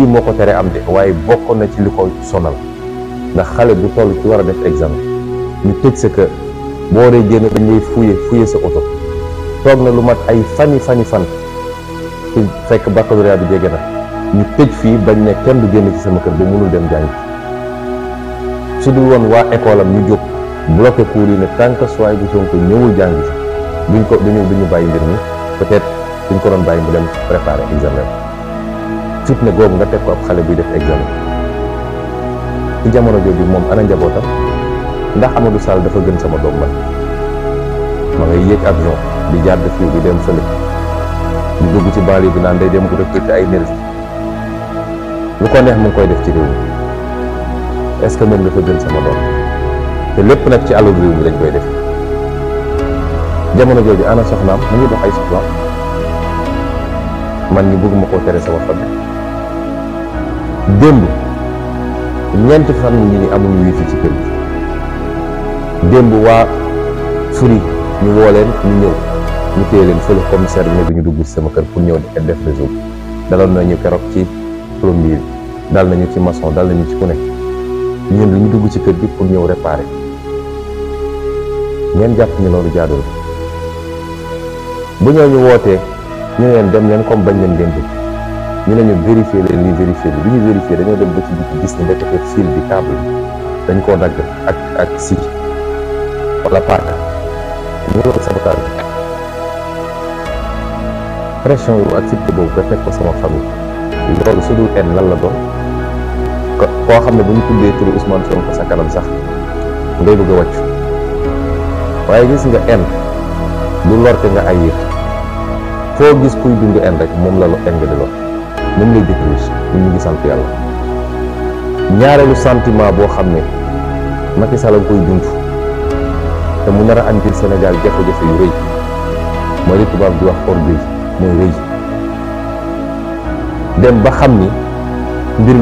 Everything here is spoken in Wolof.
bi moko téré am de waye bokko na ci liko sonal ndax xalé bu tollu ci wara a def examen ni tëj ce que bo ré génné dañ lay fuye fuye sa auto tok na lu mat ay fani fani fan ci fekk baccalauréat bi jege na ñu tëj fi bañ né kenn du génné ci sama kër bu mënul dem jàngi su dul won wa école am ñu jox bloqué cour yi né tank que Souhaïbou bu Sonko ñëwul jàngi ci buñ ko dañu buñu bayyi mbir ni peut-être buñ ko doon bayyi mu dem préparer examen fitna googu nga teg ko ab xale buy def examen ci jamono jooju moom ana njabootam ndax Amadou Sall dafa gën sama doom man ma ngay yéeg avion di jaar de fii di dem fële di dugg ci banlieue bi naan day dem ko recruter ay nervi lu ko neex mu koy def ci réew est-ce que moom dafa gën sama doom te lépp nag ci alalu réew mi lañ koy def jamono jooju ana soxnaam mu ngi dox ay soxlaam man ñu bëgg koo tere sama famille démb ñeenti fan ñu ni amuñu wifi ci kër gi démb waa Free ñu woo leen ñu ñëw ñu téye leen fële commissaire bi ne bi ñu sama kër pour ñëw di def réseau bi daloon nañu keroog ci plombier bi dal nañu ci maçon dal nañu ci ku nekk ñun ñu dugg ci kër gi pour ñëw réparer ngeen jàpp ni loolu jaadul bu ñoo ñu wootee ñu leen dem leen comme bañ leen ngeen dugg ñu lañu ñu vérifier leen lii vérifier bi bi ñu vérifier dañoo dem ba ci biti gis ni ndekete fil bi table bi dañ koo dagg ak ak si wala paaka ñu loolu sabotage pression yu accepté boobu nga fekk ko sama famille loolu su dul en lan la doon koo xam ne bu ñu tuddee turu Ousmane Sonko sa kanam sax ngay bëgg a wàcc waaye gis nga en lu lorte nga ayir foo gis kuy dund en rek moom la lo en nga di mu ngi lay découragé ñun ñu ngi sant yàlla ñaareelu sentiment bo xamne Macky Sall nga koy dund te mu nar a andil Sénégal jafé yu reuy moy li tubab di wax orgueil moy reuy dem ba xamni mbir